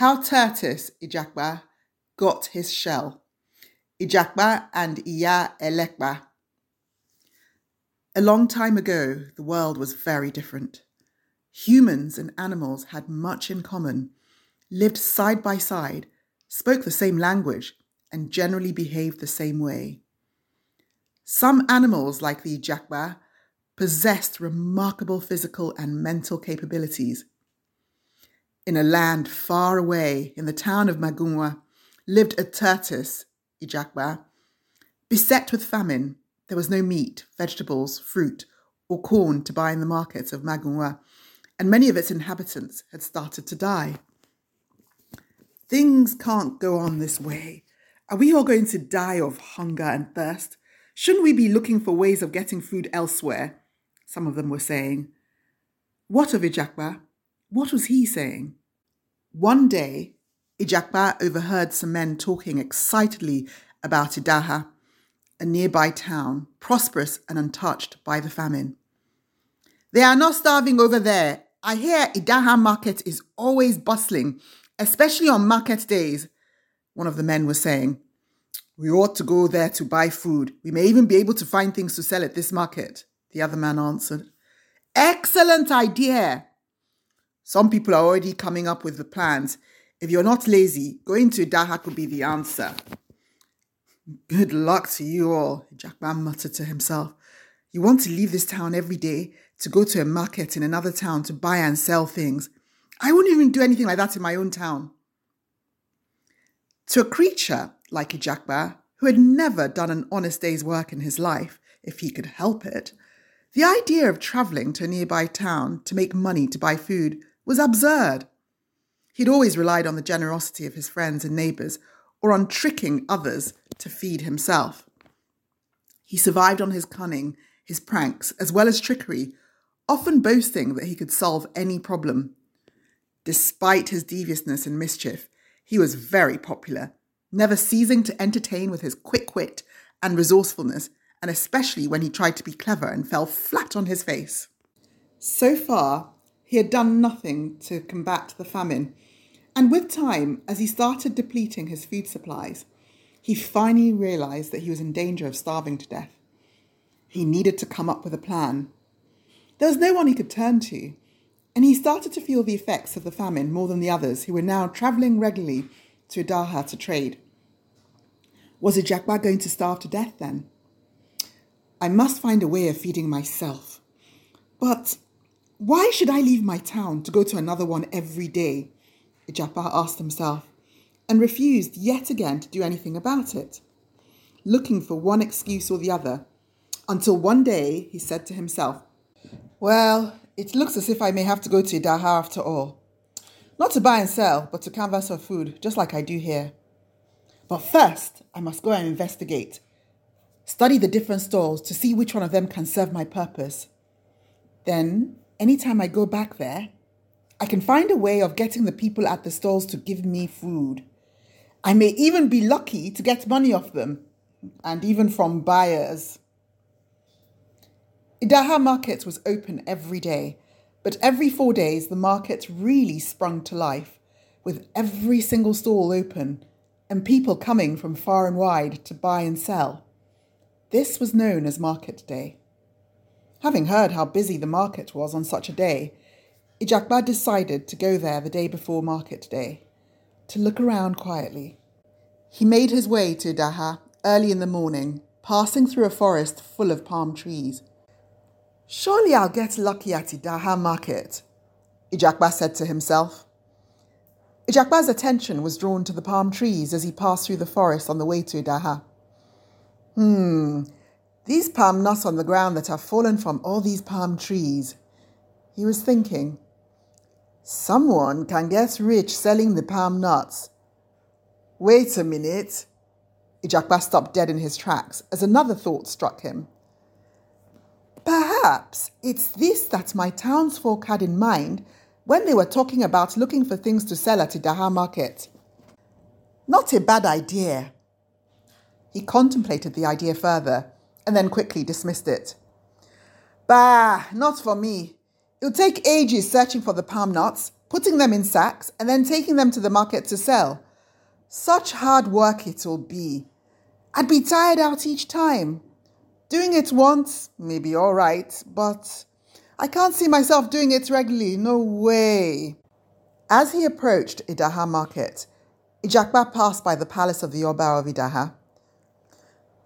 how Tertus Ijakba got his shell. Ijakba and Iya Elekba. A long time ago, the world was very different. Humans and animals had much in common, lived side by side, spoke the same language, and generally behaved the same way. Some animals, like the Ijakba, possessed remarkable physical and mental capabilities in a land far away in the town of Magunwa lived a Tertis, Ijakba. Beset with famine, there was no meat, vegetables, fruit, or corn to buy in the markets of Magunwa, and many of its inhabitants had started to die. Things can't go on this way. Are we all going to die of hunger and thirst? Shouldn't we be looking for ways of getting food elsewhere? Some of them were saying. What of Ijakba? What was he saying? One day, Ijakba overheard some men talking excitedly about Idaha, a nearby town, prosperous and untouched by the famine. They are not starving over there. I hear Idaha market is always bustling, especially on market days, one of the men was saying. We ought to go there to buy food. We may even be able to find things to sell at this market, the other man answered. Excellent idea, some people are already coming up with the plans. If you're not lazy, going to Dahak could be the answer. Good luck to you all, Jackman muttered to himself. You want to leave this town every day to go to a market in another town to buy and sell things. I wouldn't even do anything like that in my own town. To a creature like Ijakba, who had never done an honest day's work in his life, if he could help it, the idea of travelling to a nearby town to make money to buy food was absurd. He'd always relied on the generosity of his friends and neighbours or on tricking others to feed himself. He survived on his cunning, his pranks, as well as trickery, often boasting that he could solve any problem. Despite his deviousness and mischief, he was very popular, never ceasing to entertain with his quick wit and resourcefulness, and especially when he tried to be clever and fell flat on his face. So far, he had done nothing to combat the famine. And with time, as he started depleting his food supplies, he finally realized that he was in danger of starving to death. He needed to come up with a plan. There was no one he could turn to, and he started to feel the effects of the famine more than the others who were now travelling regularly to Adaha to trade. Was Ijakwa going to starve to death then? I must find a way of feeding myself. But why should I leave my town to go to another one every day? Ijapa asked himself and refused yet again to do anything about it, looking for one excuse or the other, until one day he said to himself, Well, it looks as if I may have to go to Idaha after all. Not to buy and sell, but to canvass for food, just like I do here. But first, I must go and investigate. Study the different stalls to see which one of them can serve my purpose. Then anytime I go back there, I can find a way of getting the people at the stalls to give me food. I may even be lucky to get money off them, and even from buyers. Idaha Market was open every day, but every four days the market really sprung to life, with every single stall open and people coming from far and wide to buy and sell. This was known as Market Day. Having heard how busy the market was on such a day, Ijakba decided to go there the day before market day, to look around quietly. He made his way to Daha early in the morning, passing through a forest full of palm trees. Surely I'll get lucky at Idaha market, Ijakba said to himself. Ijakba's attention was drawn to the palm trees as he passed through the forest on the way to Idaha. Hmm, these palm nuts on the ground that have fallen from all these palm trees. He was thinking, Someone can get rich selling the palm nuts. Wait a minute. Ijakba stopped dead in his tracks as another thought struck him. Perhaps it's this that my townsfolk had in mind when they were talking about looking for things to sell at Idaha market. Not a bad idea. He contemplated the idea further and then quickly dismissed it. Bah, not for me. It'll take ages searching for the palm nuts, putting them in sacks, and then taking them to the market to sell. Such hard work it'll be. I'd be tired out each time. Doing it once may be all right, but I can't see myself doing it regularly, no way. As he approached Idaha market, Ijakba passed by the palace of the Oba of Idaha.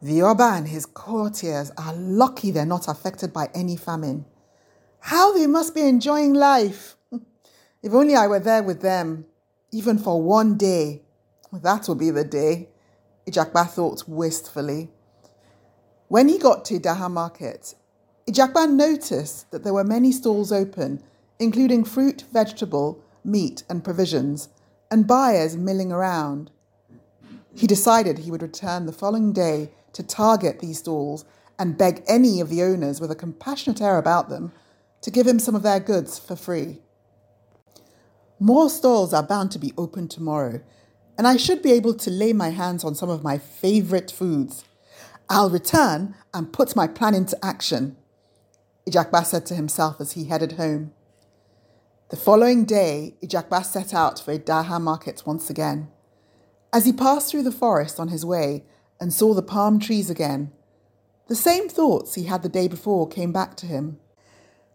The Oba and his courtiers are lucky they're not affected by any famine. How they must be enjoying life! If only I were there with them, even for one day. That will be the day, Ijakba thought wistfully. When he got to Daha Market, Ijakba noticed that there were many stalls open, including fruit, vegetable, meat, and provisions, and buyers milling around. He decided he would return the following day to target these stalls and beg any of the owners with a compassionate air about them to give him some of their goods for free. More stalls are bound to be open tomorrow, and I should be able to lay my hands on some of my favourite foods. I'll return and put my plan into action, Ijakba said to himself as he headed home. The following day, Ijakba set out for Daha market once again. As he passed through the forest on his way, and saw the palm trees again. The same thoughts he had the day before came back to him.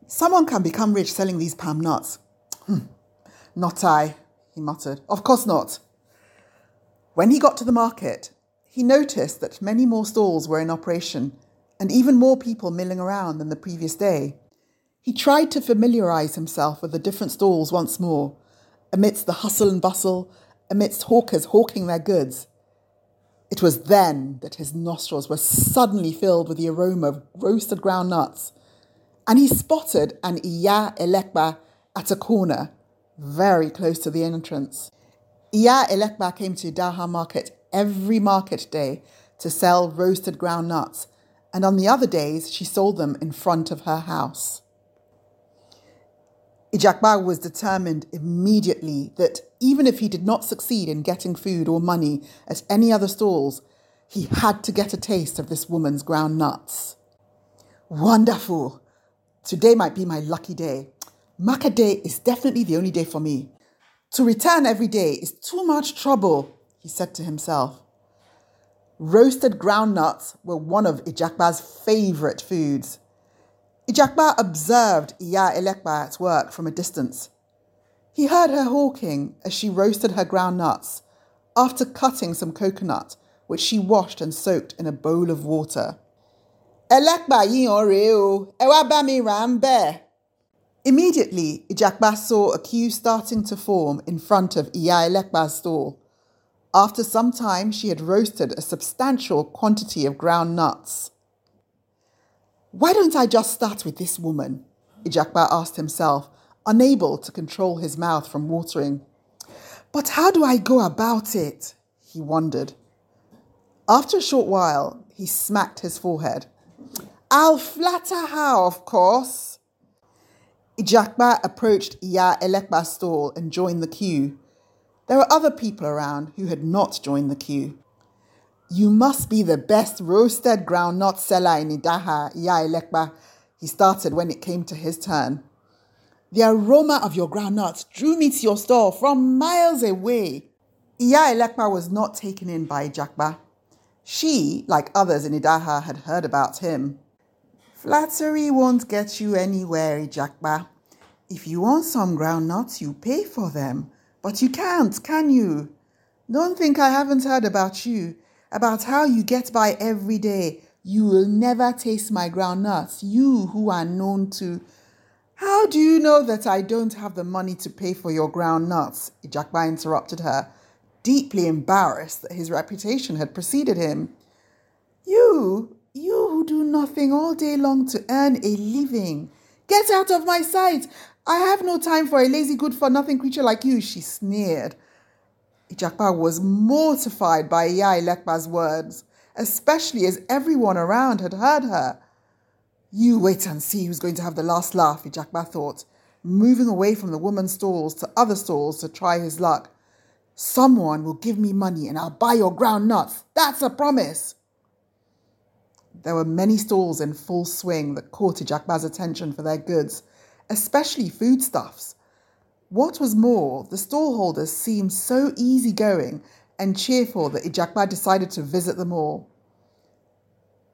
Someone can become rich selling these palm nuts. Hmm. not I, he muttered. Of course not. When he got to the market, he noticed that many more stalls were in operation and even more people milling around than the previous day. He tried to familiarise himself with the different stalls once more, amidst the hustle and bustle, amidst hawkers hawking their goods, it was then that his nostrils were suddenly filled with the aroma of roasted ground nuts, and he spotted an Iya Elekba at a corner, very close to the entrance. Iya Elekba came to Daha Market every market day to sell roasted ground nuts, and on the other days she sold them in front of her house. Ijakbar was determined immediately that even if he did not succeed in getting food or money at any other stalls, he had to get a taste of this woman's ground nuts. Wonderful! Today might be my lucky day. Maka day is definitely the only day for me. To return every day is too much trouble, he said to himself. Roasted ground nuts were one of Ijakbar's favorite foods. Ijakba observed Iya Elekba's work from a distance. He heard her hawking as she roasted her ground nuts, after cutting some coconut, which she washed and soaked in a bowl of water. Elekba yinore ewabami rambe. Immediately, Ijakba saw a queue starting to form in front of Iya Elekba's stall. After some time, she had roasted a substantial quantity of ground nuts. Why don't I just start with this woman? Ijakba asked himself, unable to control his mouth from watering. But how do I go about it? He wondered. After a short while, he smacked his forehead. I'll flatter her, of course. Ijakba approached Iya Elekba's stall and joined the queue. There were other people around who had not joined the queue. You must be the best roasted groundnut seller in Idaha, Iyaelekpa, he started when it came to his turn. The aroma of your groundnuts drew me to your store from miles away. Iyaelekpa was not taken in by Jakba. She, like others in Idaha, had heard about him. Flattery won't get you anywhere, Ijakba. If you want some groundnuts, you pay for them. But you can't, can you? Don't think I haven't heard about you about how you get by every day. You will never taste my groundnuts, you who are known to. How do you know that I don't have the money to pay for your groundnuts? Ijakba interrupted her, deeply embarrassed that his reputation had preceded him. You, you who do nothing all day long to earn a living, get out of my sight. I have no time for a lazy, good for nothing creature like you, she sneered Ijakpa was mortified by Yai Lekba's words, especially as everyone around had heard her. You wait and see who's going to have the last laugh, Ijakba thought, moving away from the woman's stalls to other stalls to try his luck. Someone will give me money and I'll buy your ground nuts. That's a promise. There were many stalls in full swing that caught Ijakba's attention for their goods, especially foodstuffs what was more, the stallholders seemed so easygoing and cheerful that Ijakba decided to visit them all.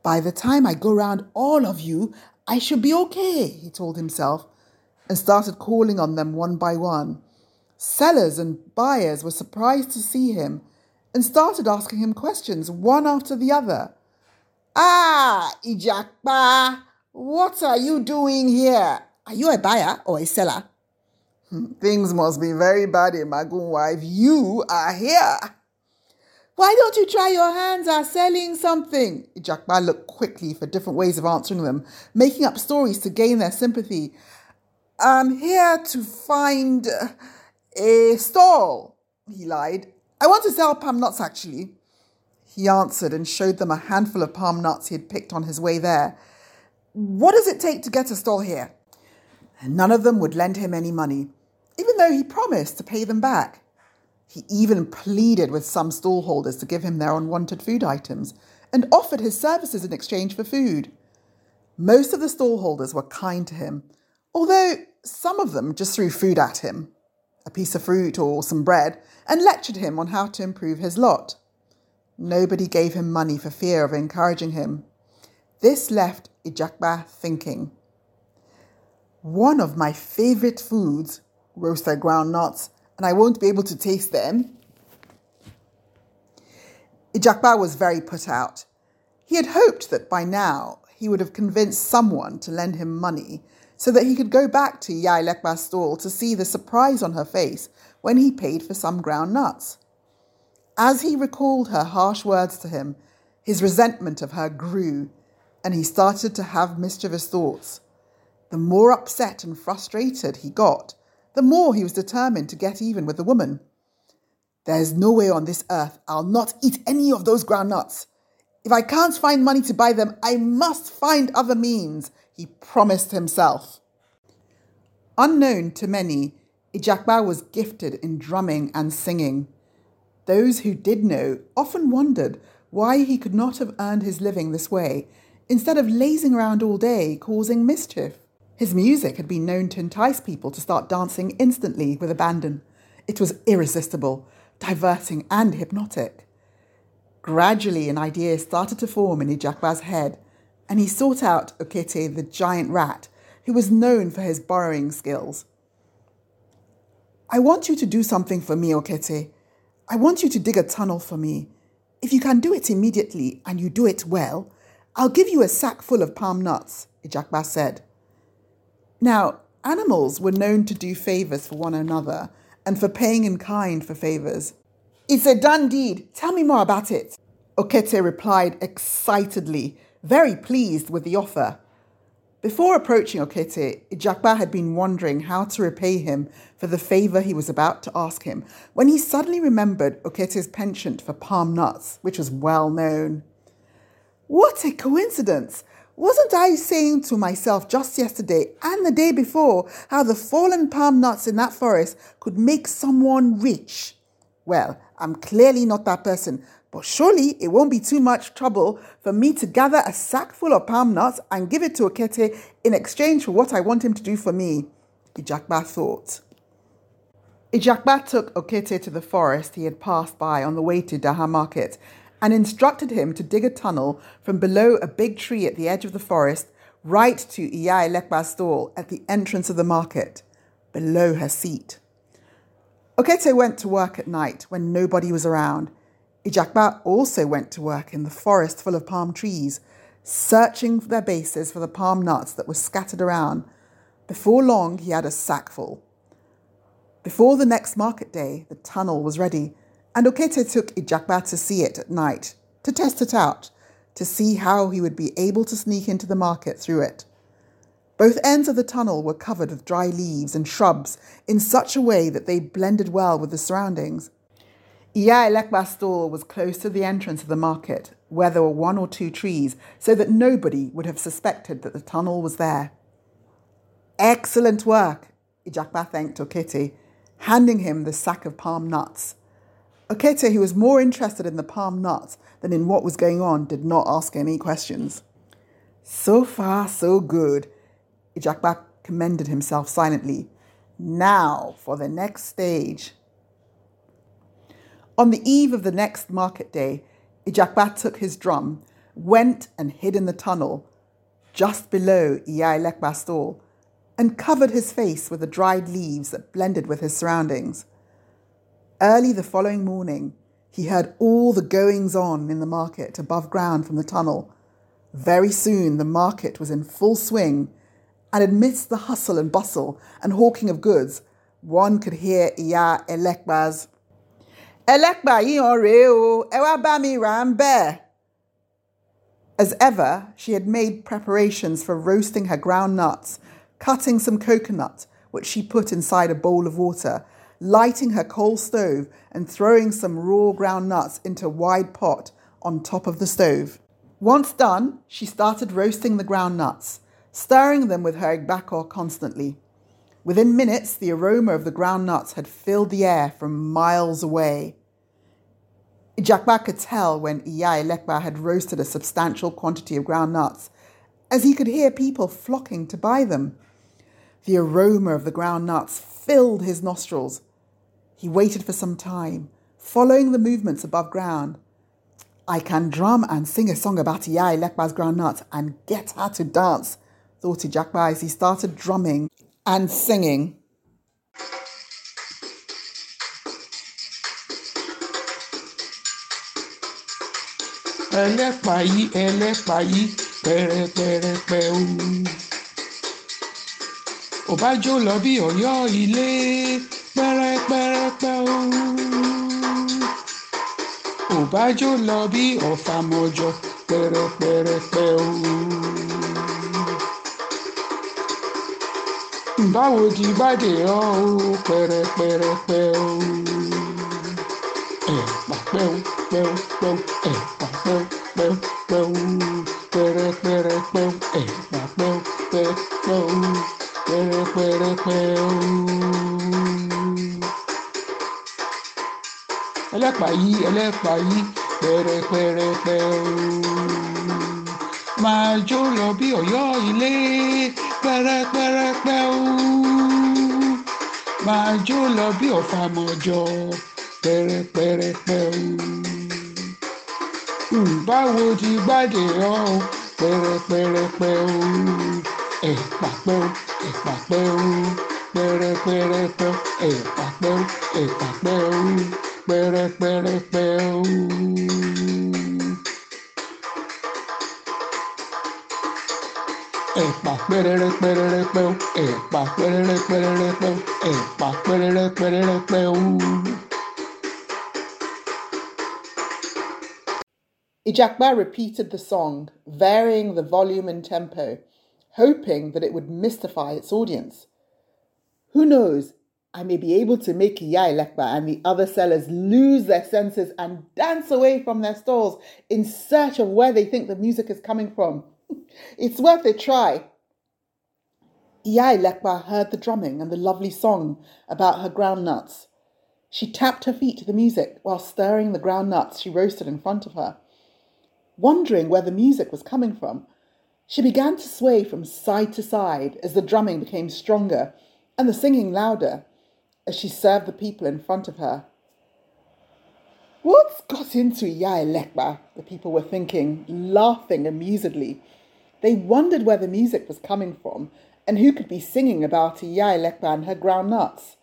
By the time I go round all of you, I should be okay, he told himself, and started calling on them one by one. Sellers and buyers were surprised to see him and started asking him questions one after the other. Ah, Ijakba, what are you doing here? Are you a buyer or a seller? Things must be very bad in Magun wife. You are here. Why don't you try your hands at selling something? Jakba looked quickly for different ways of answering them, making up stories to gain their sympathy. I'm here to find a stall, he lied. I want to sell palm nuts, actually. He answered and showed them a handful of palm nuts he had picked on his way there. What does it take to get a stall here? and none of them would lend him any money, even though he promised to pay them back. He even pleaded with some stallholders to give him their unwanted food items and offered his services in exchange for food. Most of the stallholders were kind to him, although some of them just threw food at him a piece of fruit or some bread and lectured him on how to improve his lot. Nobody gave him money for fear of encouraging him. This left Ijakba thinking one of my favorite foods, roasted groundnuts, and I won't be able to taste them. Ijakpa was very put out. He had hoped that by now he would have convinced someone to lend him money so that he could go back to Yailekba's stall to see the surprise on her face when he paid for some ground nuts. As he recalled her harsh words to him, his resentment of her grew, and he started to have mischievous thoughts. The more upset and frustrated he got, the more he was determined to get even with the woman. There's no way on this earth I'll not eat any of those groundnuts. If I can't find money to buy them, I must find other means, he promised himself. Unknown to many, Ijakba was gifted in drumming and singing. Those who did know often wondered why he could not have earned his living this way, instead of lazing around all day causing mischief. His music had been known to entice people to start dancing instantly with abandon. It was irresistible, diverting, and hypnotic. Gradually, an idea started to form in Ijakwa's head, and he sought out Okete the giant rat, who was known for his borrowing skills. I want you to do something for me, Okete. I want you to dig a tunnel for me. If you can do it immediately and you do it well, I'll give you a sack full of palm nuts, Ejakba said. Now, animals were known to do favors for one another and for paying in kind for favors. It's a done deed. Tell me more about it. Okete replied excitedly, very pleased with the offer. Before approaching Okete, Ijakba had been wondering how to repay him for the favor he was about to ask him when he suddenly remembered Okete's penchant for palm nuts, which was well known. What a coincidence! Wasn't I saying to myself just yesterday and the day before how the fallen palm nuts in that forest could make someone rich? Well, I'm clearly not that person, but surely it won't be too much trouble for me to gather a sack full of palm nuts and give it to Okete in exchange for what I want him to do for me, Ijakba thought. Ijakba took Okete to the forest he had passed by on the way to Daha Market and instructed him to dig a tunnel from below a big tree at the edge of the forest right to Iyai Lekba's stall at the entrance of the market, below her seat. Okete went to work at night when nobody was around. Ijakba also went to work in the forest full of palm trees, searching their bases for the palm nuts that were scattered around. Before long, he had a sackful. Before the next market day, the tunnel was ready, and Okete took Ijakba to see it at night, to test it out, to see how he would be able to sneak into the market through it. Both ends of the tunnel were covered with dry leaves and shrubs in such a way that they blended well with the surroundings. Iyaelekba's stall was close to the entrance of the market, where there were one or two trees, so that nobody would have suspected that the tunnel was there. Excellent work, Ijakba thanked Okiti, handing him the sack of palm nuts. Okete, who was more interested in the palm nuts than in what was going on, did not ask any questions. So far, so good. Ijakba commended himself silently. Now for the next stage. On the eve of the next market day, Ijakba took his drum, went and hid in the tunnel just below Iyailekba's stall, and covered his face with the dried leaves that blended with his surroundings. Early the following morning, he heard all the goings on in the market above ground from the tunnel. Very soon, the market was in full swing, and amidst the hustle and bustle and hawking of goods, one could hear Iya Elekba's Elekba yiyan re As ever, she had made preparations for roasting her ground nuts, cutting some coconut, which she put inside a bowl of water, lighting her coal stove and throwing some raw ground nuts into a wide pot on top of the stove. Once done, she started roasting the ground nuts, stirring them with her igbakor constantly. Within minutes, the aroma of the ground nuts had filled the air from miles away. Ijakba could tell when Iya Lekba had roasted a substantial quantity of ground nuts, as he could hear people flocking to buy them. The aroma of the ground nuts filled his nostrils. He waited for some time, following the movements above ground. I can drum and sing a song about yai Lekba's groundnut and get her to dance, thought Ijakba as he started drumming and singing. ẹlẹ́pàá yìí ẹlẹ́pàá yìí pẹ̀rẹ̀pẹ̀rẹ̀pẹ̀ o. òbájú lọ bí Ọ̀yọ́ ilé pẹrẹpẹrẹpẹ o òbájú lọ bí Ọ̀fàmọ̀jọ̀ pẹrẹpẹrẹpẹ o. báwo di bàdé ọ o pẹrẹpẹrẹpẹ o ẹ pa pẹ́ù pẹ́ù pẹ́ù ẹ pa pẹ́ù pẹ́ù pẹ́ù pẹrẹpẹrẹpẹ ẹ pa pẹ́ù pẹ́ù pẹ́ù pẹrẹpẹrẹpẹ ẹlẹ́pàá yí ẹlẹ́pàá yí pẹrẹpẹrẹpẹ máa jó lọ bí Ọ̀yọ́ ilé pẹrẹpẹrẹpẹ máa jó lọ bí Ọ̀fàmọ̀jọ pẹrẹpẹrẹpẹ báwo ti gbàdé ọ pẹrẹpẹrẹpẹ. el Ijakba repeated the song, varying the volume and tempo hoping that it would mystify its audience. Who knows, I may be able to make Yai Lekba and the other sellers lose their senses and dance away from their stalls in search of where they think the music is coming from. it's worth a try. Yai Lekba heard the drumming and the lovely song about her groundnuts. She tapped her feet to the music while stirring the groundnuts she roasted in front of her. Wondering where the music was coming from, she began to sway from side to side as the drumming became stronger and the singing louder as she served the people in front of her. What's got into Yaelekba? The people were thinking, laughing amusedly. They wondered where the music was coming from and who could be singing about Yaelekba and her groundnuts.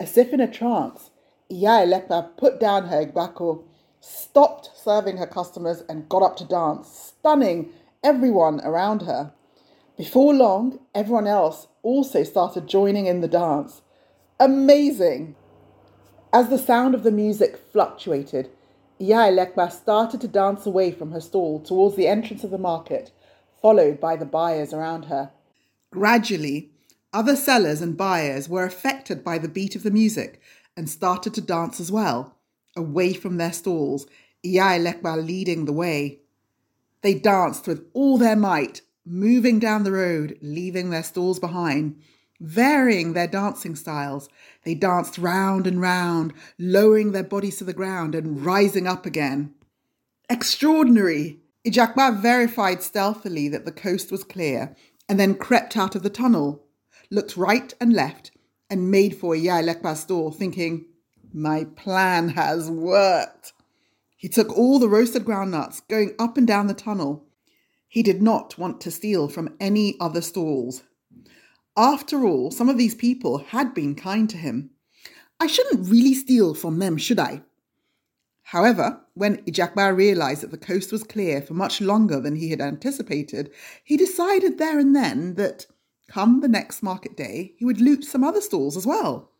As if in a trance, Yaelekba put down her igbako, stopped serving her customers, and got up to dance, stunning everyone around her. Before long, everyone else also started joining in the dance. Amazing! As the sound of the music fluctuated, Iailekba started to dance away from her stall towards the entrance of the market, followed by the buyers around her. Gradually, other sellers and buyers were affected by the beat of the music and started to dance as well, away from their stalls, Iailekba leading the way. They danced with all their might, moving down the road, leaving their stalls behind. Varying their dancing styles, they danced round and round, lowering their bodies to the ground and rising up again. Extraordinary! Ijakwa verified stealthily that the coast was clear and then crept out of the tunnel, looked right and left, and made for Yailekba's door, thinking, My plan has worked. He took all the roasted ground nuts going up and down the tunnel. He did not want to steal from any other stalls. After all, some of these people had been kind to him. I shouldn't really steal from them, should I? However, when Ijakbar realised that the coast was clear for much longer than he had anticipated, he decided there and then that, come the next market day, he would loot some other stalls as well.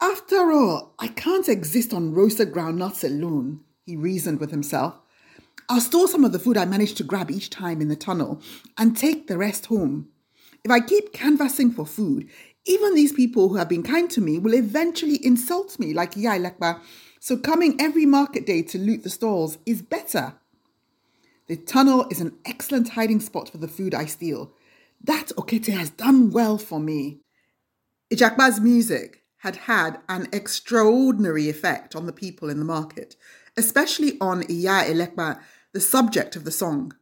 After all, I can't exist on roasted ground nuts alone, he reasoned with himself. I'll store some of the food I manage to grab each time in the tunnel and take the rest home. If I keep canvassing for food, even these people who have been kind to me will eventually insult me like Yai Lakba, so coming every market day to loot the stalls is better. The tunnel is an excellent hiding spot for the food I steal. That Okete has done well for me. Ijakba's music had had an extraordinary effect on the people in the market especially on Iya Elekpa, the subject of the song.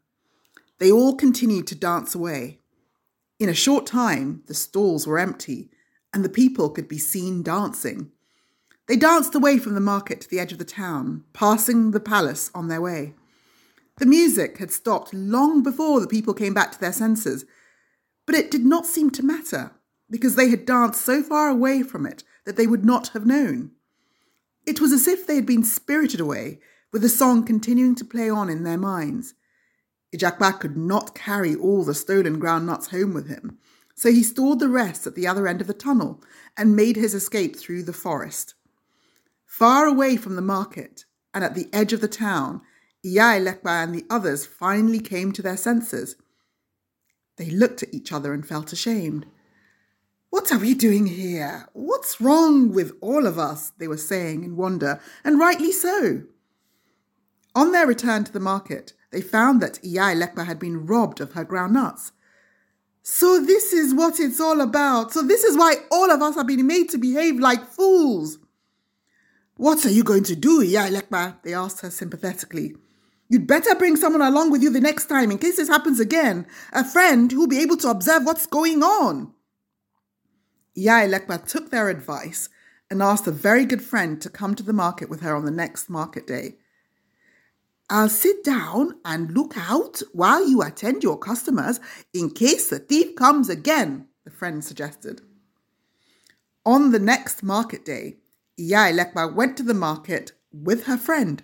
They all continued to dance away. In a short time, the stalls were empty and the people could be seen dancing. They danced away from the market to the edge of the town, passing the palace on their way. The music had stopped long before the people came back to their senses, but it did not seem to matter because they had danced so far away from it that they would not have known. It was as if they had been spirited away, with the song continuing to play on in their minds. Ijakba could not carry all the stolen ground nuts home with him, so he stored the rest at the other end of the tunnel and made his escape through the forest. Far away from the market and at the edge of the town, Iyai Lekba and the others finally came to their senses. They looked at each other and felt ashamed. What are we doing here? What's wrong with all of us? They were saying in wonder, and rightly so. On their return to the market, they found that Iyai Lekpa had been robbed of her groundnuts. So this is what it's all about. So this is why all of us have been made to behave like fools. What are you going to do, Iyai Lekpa? They asked her sympathetically. You'd better bring someone along with you the next time in case this happens again. A friend who'll be able to observe what's going on. Yaelekba took their advice and asked a very good friend to come to the market with her on the next market day. I'll sit down and look out while you attend your customers in case the thief comes again, the friend suggested. On the next market day, Iyaelekba went to the market with her friend.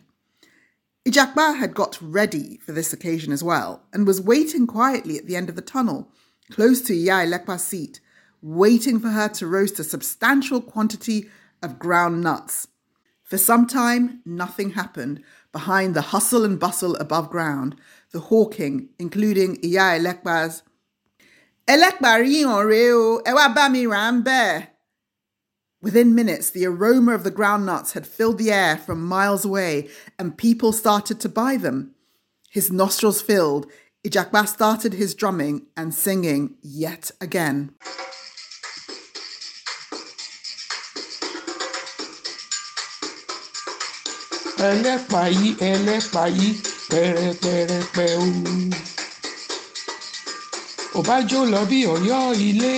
Ijakba had got ready for this occasion as well and was waiting quietly at the end of the tunnel, close to Iyaelekba's seat, waiting for her to roast a substantial quantity of ground nuts. For some time, nothing happened behind the hustle and bustle above ground, the hawking, including Iya Elekba's, Elekbari onreo, ewabami Within minutes, the aroma of the groundnuts had filled the air from miles away, and people started to buy them. His nostrils filled, Ijakba started his drumming and singing yet again. ẹlẹ́pàáyí ẹlẹ́pàáyí pẹ̀rẹ̀pẹ̀rẹ̀pẹ̀ o. òbájú lọ bí ọ̀yọ́ ilé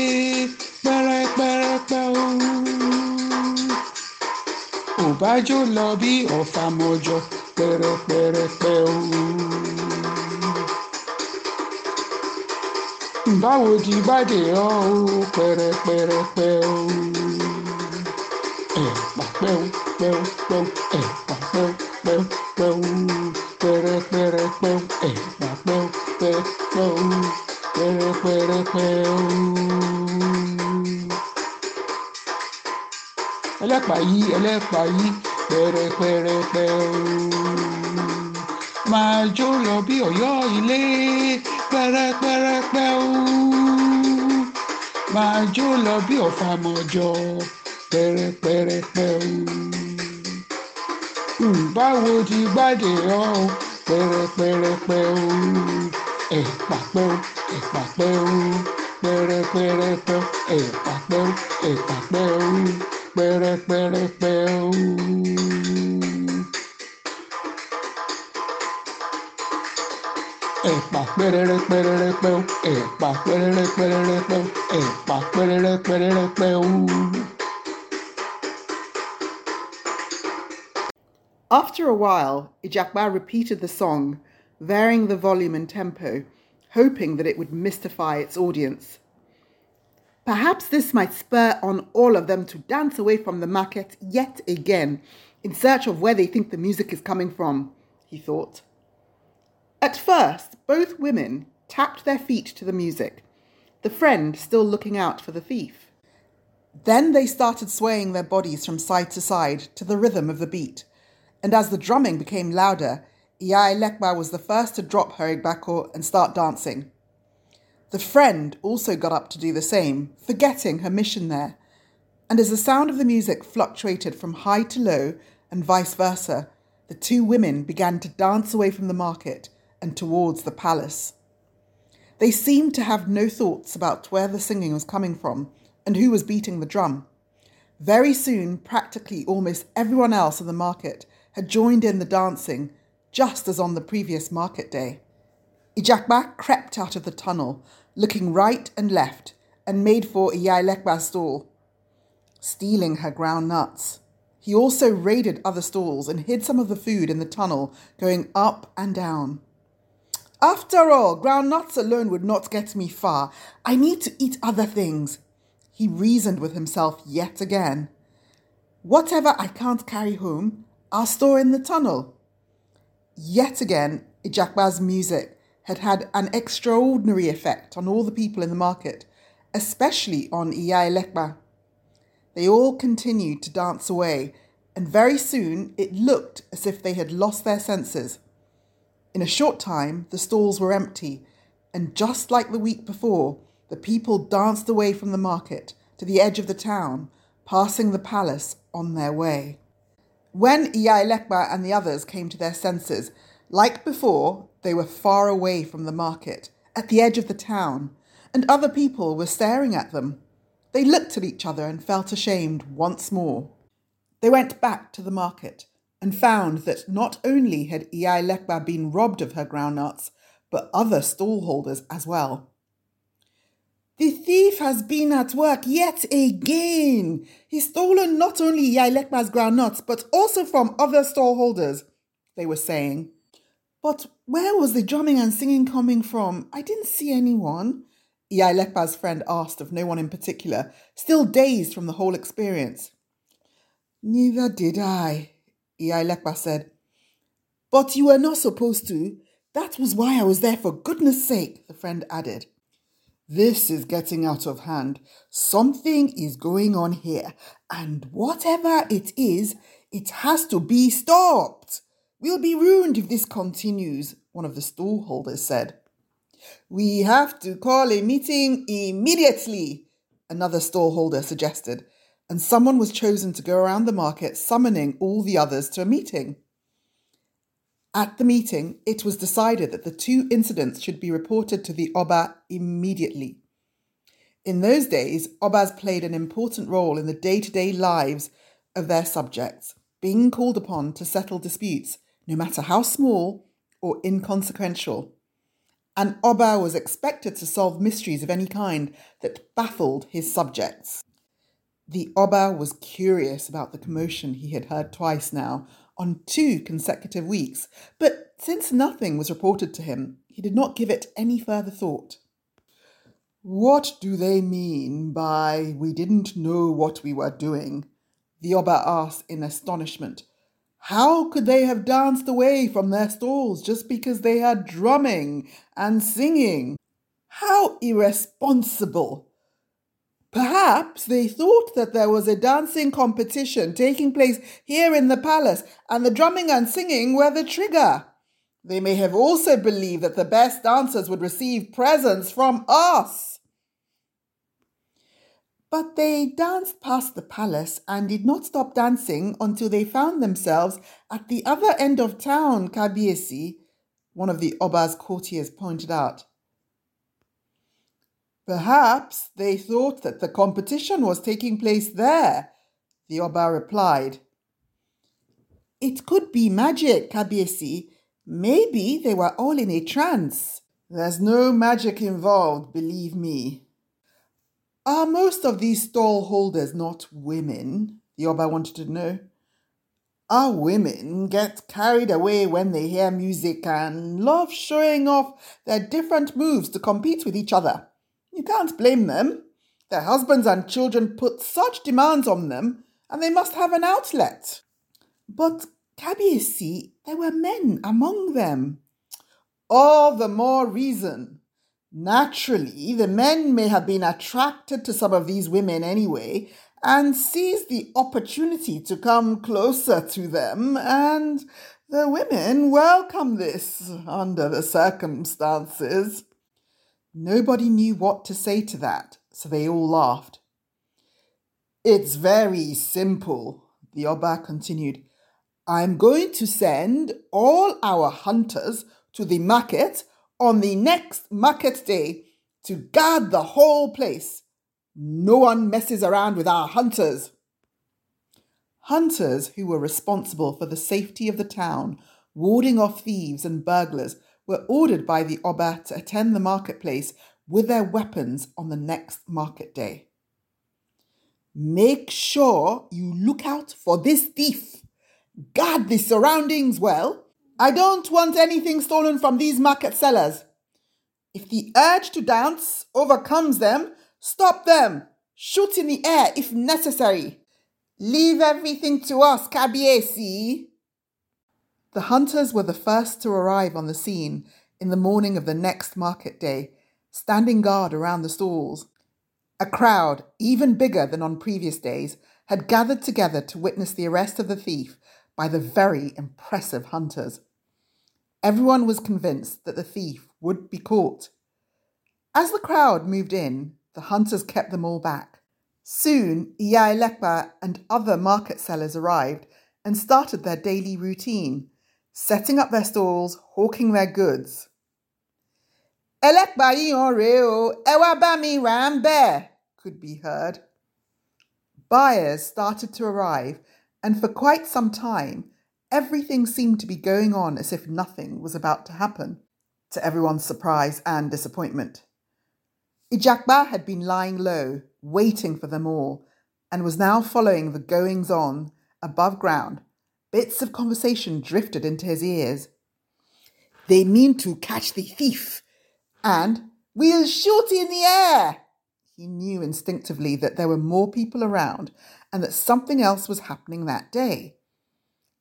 pẹ̀rẹ̀pẹ̀rẹ̀pẹ̀ o. òbájú lọ bí ọ̀fàmọ̀jọ pẹ̀rẹ̀pẹ̀rẹ̀pẹ̀ o. báwo di bàdé ọ o pẹ̀rẹ̀pẹ̀rẹ̀pẹ̀ o. ẹ̀ pàpẹ́ o pẹ́ o pẹ́ o ẹ̀ pẹ́ù pẹ́ù pẹ́ù pẹ́rẹ́ pẹ́rẹ́ pẹ́ù ẹ̀pà pẹ́ù pẹ́ù pẹ́ù pẹ́rẹ́ pẹ́rẹ́ pẹ́ù. ẹlẹ́pà yí ẹlẹ́pà yí pẹ́rẹ́ pẹ́rẹ́ pẹ́ù. máa jó lọ bí ọ̀yọ́ ilé pẹ́rẹ́ pẹ́rẹ́ pẹ́ù. máa jó lọ bí ọ̀fà mọ̀jọ pẹ́rẹ́ pẹ́rẹ́ pẹ́ù báwo ti gbàdé rán o pẹ̀rẹ̀pẹ̀rẹ̀pẹ̀ o ẹ̀pàpẹ́ o ẹ̀pàpẹ́ o pẹ̀rẹ̀pẹ̀rẹ̀pẹ̀ o ẹ̀pàpẹ́ o ẹ̀pàpẹ́ o pẹ̀rẹ̀pẹ̀rẹ̀pẹ̀ o. ẹ̀pà pẹ́rẹ́rẹ́ pẹ́rẹ́rẹ́ pẹ́ o ẹ̀pà pẹ́rẹ́rẹ́ pẹ́rẹ́rẹ́ pẹ́ o ẹ̀pà pẹ́rẹ́rẹ́ pẹ́rẹ́rẹ́ pẹ́ o. After a while, Ijakba repeated the song, varying the volume and tempo, hoping that it would mystify its audience. Perhaps this might spur on all of them to dance away from the market yet again, in search of where they think the music is coming from, he thought. At first, both women tapped their feet to the music, the friend still looking out for the thief. Then they started swaying their bodies from side to side to the rhythm of the beat and as the drumming became louder, Iai Lekma was the first to drop her igbako and start dancing. The friend also got up to do the same, forgetting her mission there. And as the sound of the music fluctuated from high to low and vice versa, the two women began to dance away from the market and towards the palace. They seemed to have no thoughts about where the singing was coming from and who was beating the drum. Very soon, practically almost everyone else in the market had joined in the dancing, just as on the previous market day. Ijakba crept out of the tunnel, looking right and left, and made for Iyailekba's stall, stealing her ground nuts. He also raided other stalls and hid some of the food in the tunnel, going up and down. After all, ground nuts alone would not get me far. I need to eat other things. He reasoned with himself yet again. Whatever I can't carry home, our store in the tunnel. Yet again, Ijakba's music had had an extraordinary effect on all the people in the market, especially on Iyai They all continued to dance away, and very soon it looked as if they had lost their senses. In a short time, the stalls were empty, and just like the week before, the people danced away from the market to the edge of the town, passing the palace on their way. When Iailekba and the others came to their senses, like before, they were far away from the market, at the edge of the town, and other people were staring at them. They looked at each other and felt ashamed once more. They went back to the market and found that not only had Iailekba been robbed of her groundnuts, but other stallholders as well. The thief has been at work yet again. He's stolen not only Yailekma's groundnuts, but also from other stallholders, they were saying. But where was the drumming and singing coming from? I didn't see anyone. Yailekpa's friend asked of no one in particular, still dazed from the whole experience. Neither did I, Yailekpa said. But you were not supposed to. That was why I was there, for goodness sake, the friend added. This is getting out of hand. Something is going on here, and whatever it is, it has to be stopped. We'll be ruined if this continues, one of the stallholders said. We have to call a meeting immediately, another stallholder suggested, and someone was chosen to go around the market summoning all the others to a meeting. At the meeting, it was decided that the two incidents should be reported to the Oba immediately. In those days, Obas played an important role in the day to day lives of their subjects, being called upon to settle disputes, no matter how small or inconsequential. An Oba was expected to solve mysteries of any kind that baffled his subjects. The Oba was curious about the commotion he had heard twice now on two consecutive weeks, but since nothing was reported to him, he did not give it any further thought. What do they mean by we didn't know what we were doing? The Oba asked in astonishment. How could they have danced away from their stalls just because they had drumming and singing? How irresponsible! Perhaps they thought that there was a dancing competition taking place here in the palace, and the drumming and singing were the trigger. They may have also believed that the best dancers would receive presents from us. But they danced past the palace and did not stop dancing until they found themselves at the other end of town, Kabiesi, one of the Oba's courtiers pointed out. Perhaps they thought that the competition was taking place there, the Oba replied. It could be magic, Kabiesi. Maybe they were all in a trance. There's no magic involved, believe me. Are most of these stall holders not women? The Oba wanted to know. Our women get carried away when they hear music and love showing off their different moves to compete with each other. You can't blame them. Their husbands and children put such demands on them, and they must have an outlet. But Kabiesi, there were men among them. All the more reason. Naturally, the men may have been attracted to some of these women anyway and seized the opportunity to come closer to them, and the women welcome this under the circumstances. Nobody knew what to say to that, so they all laughed. It's very simple, the Oba continued. I'm going to send all our hunters to the market on the next market day to guard the whole place. No one messes around with our hunters. Hunters who were responsible for the safety of the town, warding off thieves and burglars, were ordered by the Oba to attend the marketplace with their weapons on the next market day. Make sure you look out for this thief. Guard the surroundings well. I don't want anything stolen from these market sellers. If the urge to dance overcomes them, stop them. Shoot in the air if necessary. Leave everything to us, Kabiesi. The hunters were the first to arrive on the scene in the morning of the next market day, standing guard around the stalls. A crowd, even bigger than on previous days, had gathered together to witness the arrest of the thief by the very impressive hunters. Everyone was convinced that the thief would be caught. As the crowd moved in, the hunters kept them all back. Soon, Iailepa and other market sellers arrived and started their daily routine, setting up their stalls, hawking their goods. Elekbayi Oreo, Ewabami Rambe could be heard. Buyers started to arrive, and for quite some time, everything seemed to be going on as if nothing was about to happen, to everyone's surprise and disappointment. Ijakba had been lying low, waiting for them all, and was now following the goings on above ground Bits of conversation drifted into his ears. They mean to catch the thief, and we'll shoot in the air. He knew instinctively that there were more people around and that something else was happening that day.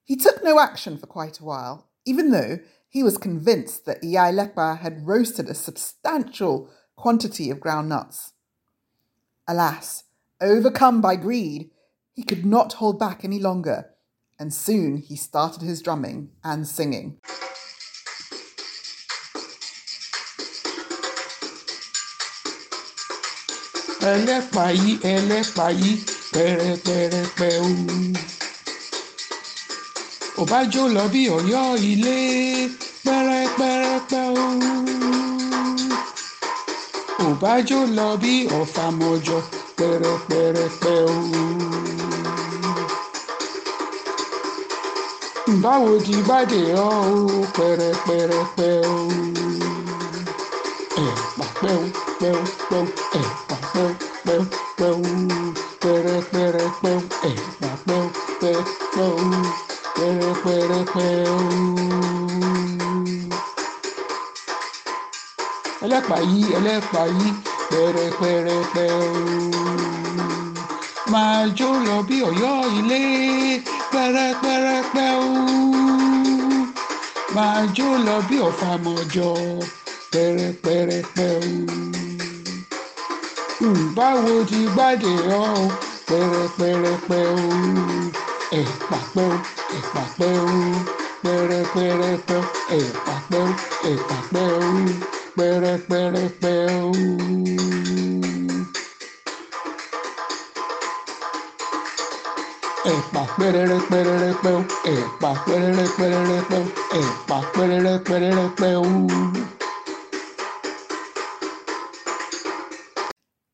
He took no action for quite a while, even though he was convinced that Iailepa had roasted a substantial quantity of ground nuts. Alas, overcome by greed, he could not hold back any longer and soon he started his drumming and singing. ẹlẹ́pàá o. lọ bí ọ̀yọ́ ilé pẹ̀rẹ̀pẹ̀rẹ̀pẹ̀ o. òbájú báwo di bàdé rán o ẹlẹ́pàá yí ẹlẹ́pàá yí pẹrẹpẹrẹpẹ máa jó lọ bí Ọ̀yọ́ ilé pẹ́rẹ́pẹ́rẹ́pẹ́ ó máa jó lọ bí ọ̀fàmọ̀jọ pẹ́rẹ́pẹ́rẹ́pẹ́ ó hmm, báwo ti gbàdé ọ pẹ́rẹ́pẹ́rẹ́pẹ́ ó ẹ̀pàpẹ́ ó ẹ̀pàpẹ́ ó pẹ́rẹ́pẹ́rẹ́pẹ́ ó ẹ̀pàpẹ́ ó ẹ̀pàpẹ́ ó pẹ́rẹ́pẹ́rẹ́pẹ́ ó. epa, perere, perere, peu, epa, perere, perere, peu, epa, perere, perere, peu.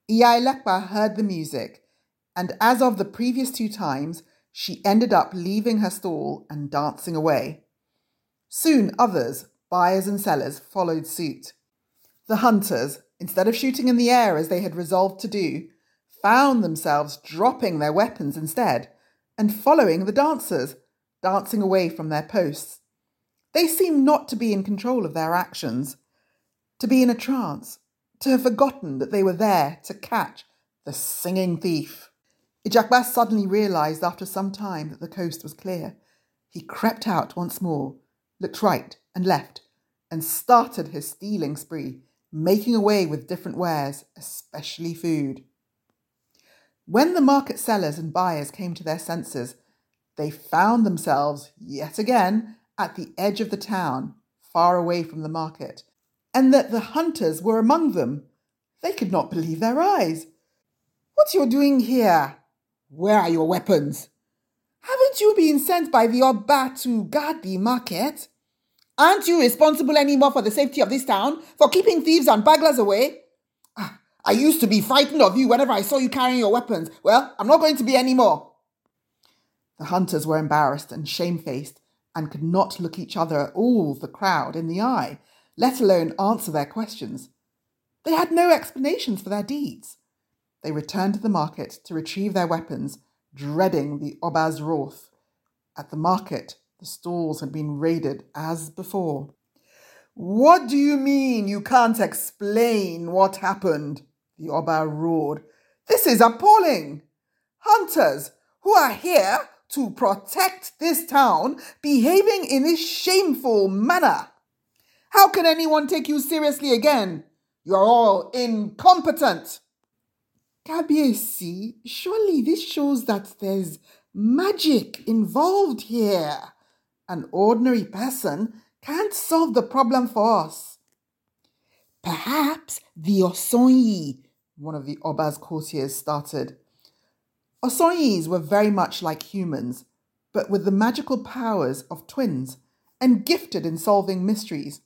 Iailepa heard the music, and as of the previous two times, she ended up leaving her stall and dancing away. Soon others, buyers and sellers, followed suit. The hunters, instead of shooting in the air as they had resolved to do, found themselves dropping their weapons instead and following the dancers, dancing away from their posts. They seem not to be in control of their actions, to be in a trance, to have forgotten that they were there to catch the singing thief. Ijakbas suddenly realized after some time that the coast was clear. He crept out once more, looked right and left, and started his stealing spree, making away with different wares, especially food. When the market sellers and buyers came to their senses, they found themselves yet again at the edge of the town, far away from the market, and that the hunters were among them. They could not believe their eyes. What are you doing here? Where are your weapons? Haven't you been sent by the Oba to guard the market? Aren't you responsible anymore for the safety of this town, for keeping thieves and burglars away? I used to be frightened of you whenever I saw you carrying your weapons. Well, I'm not going to be any more. The hunters were embarrassed and shamefaced and could not look each other, all the crowd, in the eye, let alone answer their questions. They had no explanations for their deeds. They returned to the market to retrieve their weapons, dreading the Oba's wrath. At the market, the stalls had been raided as before. What do you mean you can't explain what happened? the Oba roared. This is appalling. Hunters who are here to protect this town behaving in this shameful manner. How can anyone take you seriously again? You're all incompetent. Kabiesi, surely this shows that there's magic involved here. An ordinary person can't solve the problem for us. Perhaps the Osonyi one of the Oba's courtiers started. Osoyis were very much like humans, but with the magical powers of twins and gifted in solving mysteries.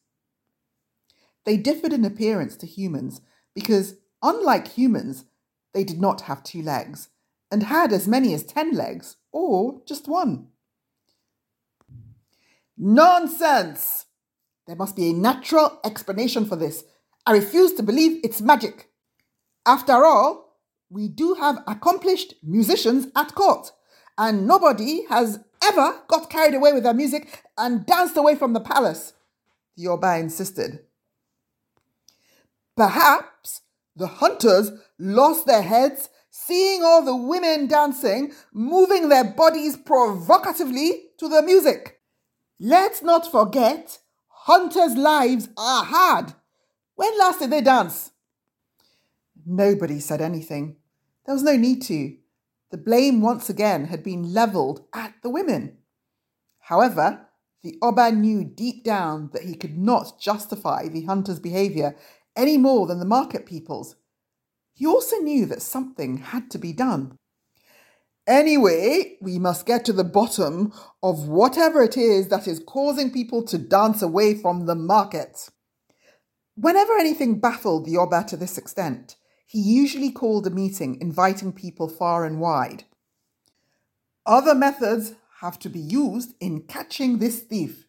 They differed in appearance to humans because, unlike humans, they did not have two legs and had as many as ten legs or just one. Nonsense! There must be a natural explanation for this. I refuse to believe it's magic. After all, we do have accomplished musicians at court, and nobody has ever got carried away with their music and danced away from the palace, the Oba insisted. Perhaps the hunters lost their heads seeing all the women dancing, moving their bodies provocatively to the music. Let's not forget, hunters' lives are hard. When last did they dance? Nobody said anything. There was no need to. The blame once again had been levelled at the women. However, the Oba knew deep down that he could not justify the hunter's behaviour any more than the market people's. He also knew that something had to be done. Anyway, we must get to the bottom of whatever it is that is causing people to dance away from the market. Whenever anything baffled the Oba to this extent, he usually called a meeting inviting people far and wide. Other methods have to be used in catching this thief.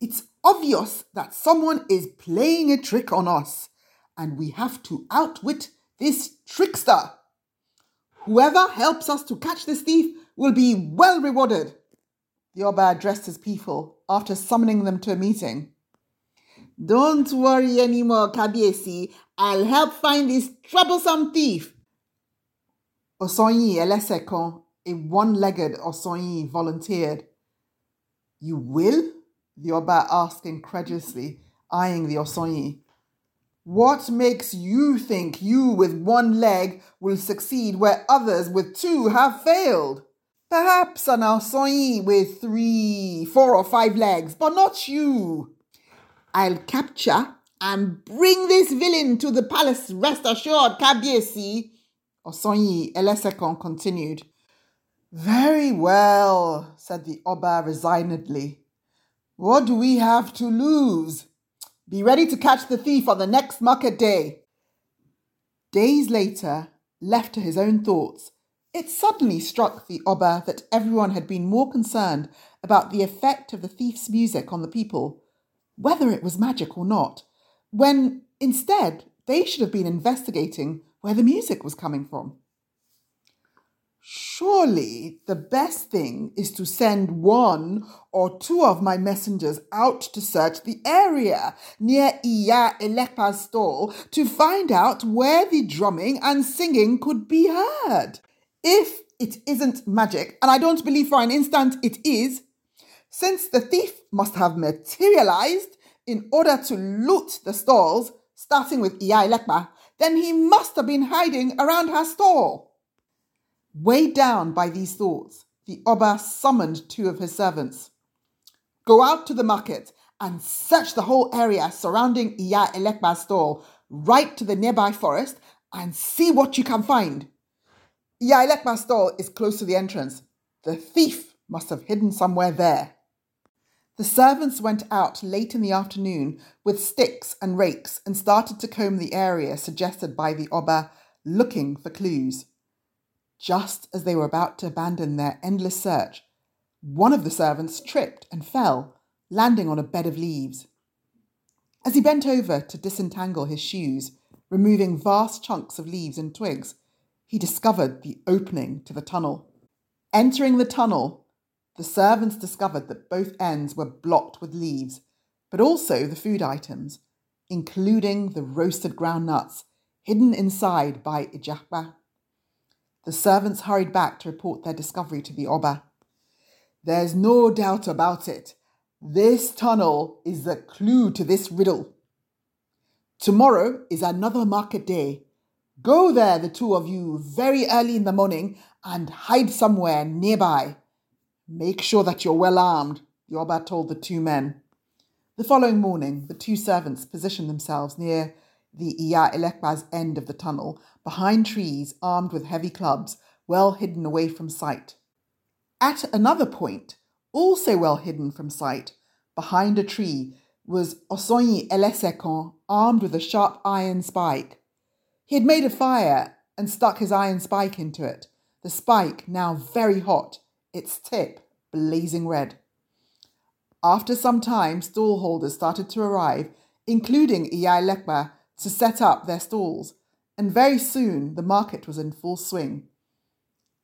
It's obvious that someone is playing a trick on us, and we have to outwit this trickster. Whoever helps us to catch this thief will be well rewarded. The Oba addressed his people after summoning them to a meeting. Don't worry anymore, Kabiesi. I'll help find this troublesome thief. Osoni Eleseko, a one legged Osoni, volunteered. You will? The Oba asked incredulously, eyeing the Osoni. What makes you think you with one leg will succeed where others with two have failed? Perhaps an Osoni with three, four, or five legs, but not you. I'll capture and bring this villain to the palace, rest assured, Kabiesi. Osonyi Elesekon continued. Very well, said the Oba resignedly. What do we have to lose? Be ready to catch the thief on the next market day. Days later, left to his own thoughts, it suddenly struck the Oba that everyone had been more concerned about the effect of the thief's music on the people, whether it was magic or not when instead they should have been investigating where the music was coming from. Surely the best thing is to send one or two of my messengers out to search the area near Iya Elepa's stall to find out where the drumming and singing could be heard. If it isn't magic, and I don't believe for an instant it is, since the thief must have materialized, in order to loot the stalls, starting with Iyai Lekpa, then he must have been hiding around her stall. Weighed down by these thoughts, the Oba summoned two of his servants. Go out to the market and search the whole area surrounding Iya Elekba's stall, right to the nearby forest, and see what you can find. Iya Elekba's stall is close to the entrance. The thief must have hidden somewhere there. The servants went out late in the afternoon with sticks and rakes and started to comb the area suggested by the Oba, looking for clues. Just as they were about to abandon their endless search, one of the servants tripped and fell, landing on a bed of leaves. As he bent over to disentangle his shoes, removing vast chunks of leaves and twigs, he discovered the opening to the tunnel. Entering the tunnel, the servants discovered that both ends were blocked with leaves, but also the food items, including the roasted ground nuts hidden inside by Ijahba. The servants hurried back to report their discovery to the Oba. There's no doubt about it. This tunnel is the clue to this riddle. Tomorrow is another market day. Go there, the two of you, very early in the morning and hide somewhere nearby. Make sure that you're well armed, Yoba told the two men. The following morning, the two servants positioned themselves near the Iya Elekba's end of the tunnel, behind trees armed with heavy clubs, well hidden away from sight. At another point, also well hidden from sight, behind a tree, was Osoni Elesekon, armed with a sharp iron spike. He had made a fire and stuck his iron spike into it, the spike now very hot its tip blazing red. After some time, stallholders started to arrive, including Iyai Lekba, to set up their stalls, and very soon the market was in full swing.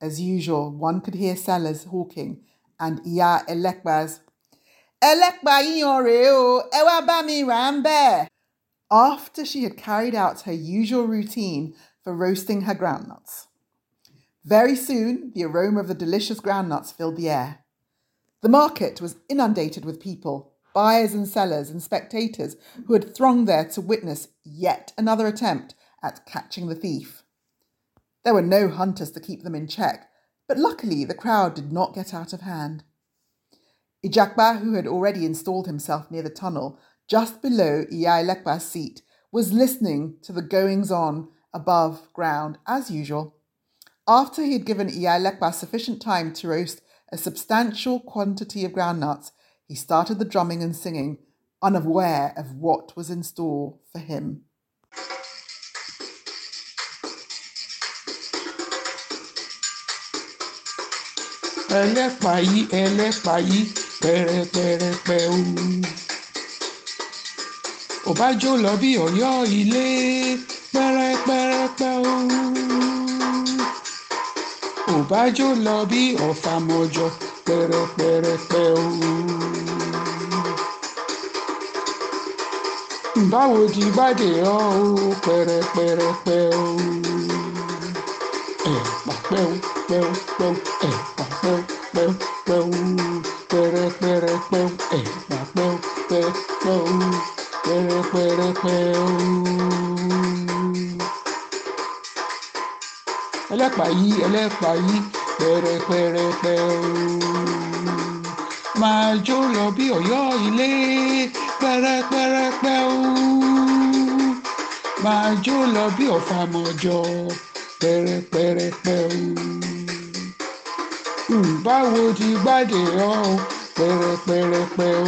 As usual, one could hear sellers hawking and Iya Elekba's Elekba Iyoreo Ewabami Rambe after she had carried out her usual routine for roasting her groundnuts. Very soon, the aroma of the delicious groundnuts filled the air. The market was inundated with people, buyers and sellers, and spectators who had thronged there to witness yet another attempt at catching the thief. There were no hunters to keep them in check, but luckily the crowd did not get out of hand. Ijakba, who had already installed himself near the tunnel, just below Iyailekba's seat, was listening to the goings on above ground as usual. After he had given Ialekwa sufficient time to roast a substantial quantity of groundnuts, he started the drumming and singing, unaware of what was in store for him. o. òbájú lọ bí ọ̀yọ́ ilé pẹ̀rẹ̀pẹ̀rẹ̀pẹ̀ o. iwájú lọ bí ọ̀fà mọ́jọ pera o. pera. di bàdé ọ́ o pẹ̀rẹ̀pẹ̀rẹ̀pẹ̀ o. pera pera pera. pẹ́ù pera pera pera. pẹ́ù pera pera pera. pẹ́ù pera pera pera. o. ẹlẹ́pàáyí ẹlẹ́pàáyí pẹ̀rẹ̀pẹ̀rẹ̀pẹ̀ máa jó lọ bí ọ̀yọ́ ilé pẹ̀rẹ̀pẹ̀rẹ̀pẹ̀ máa jó lọ bí ọ̀fàmọ̀jọ pẹ̀rẹ̀pẹ̀rẹ̀pẹ̀ hmm, báwo ti gbàdé ọ pẹ̀rẹ̀pẹ̀rẹ̀pẹ̀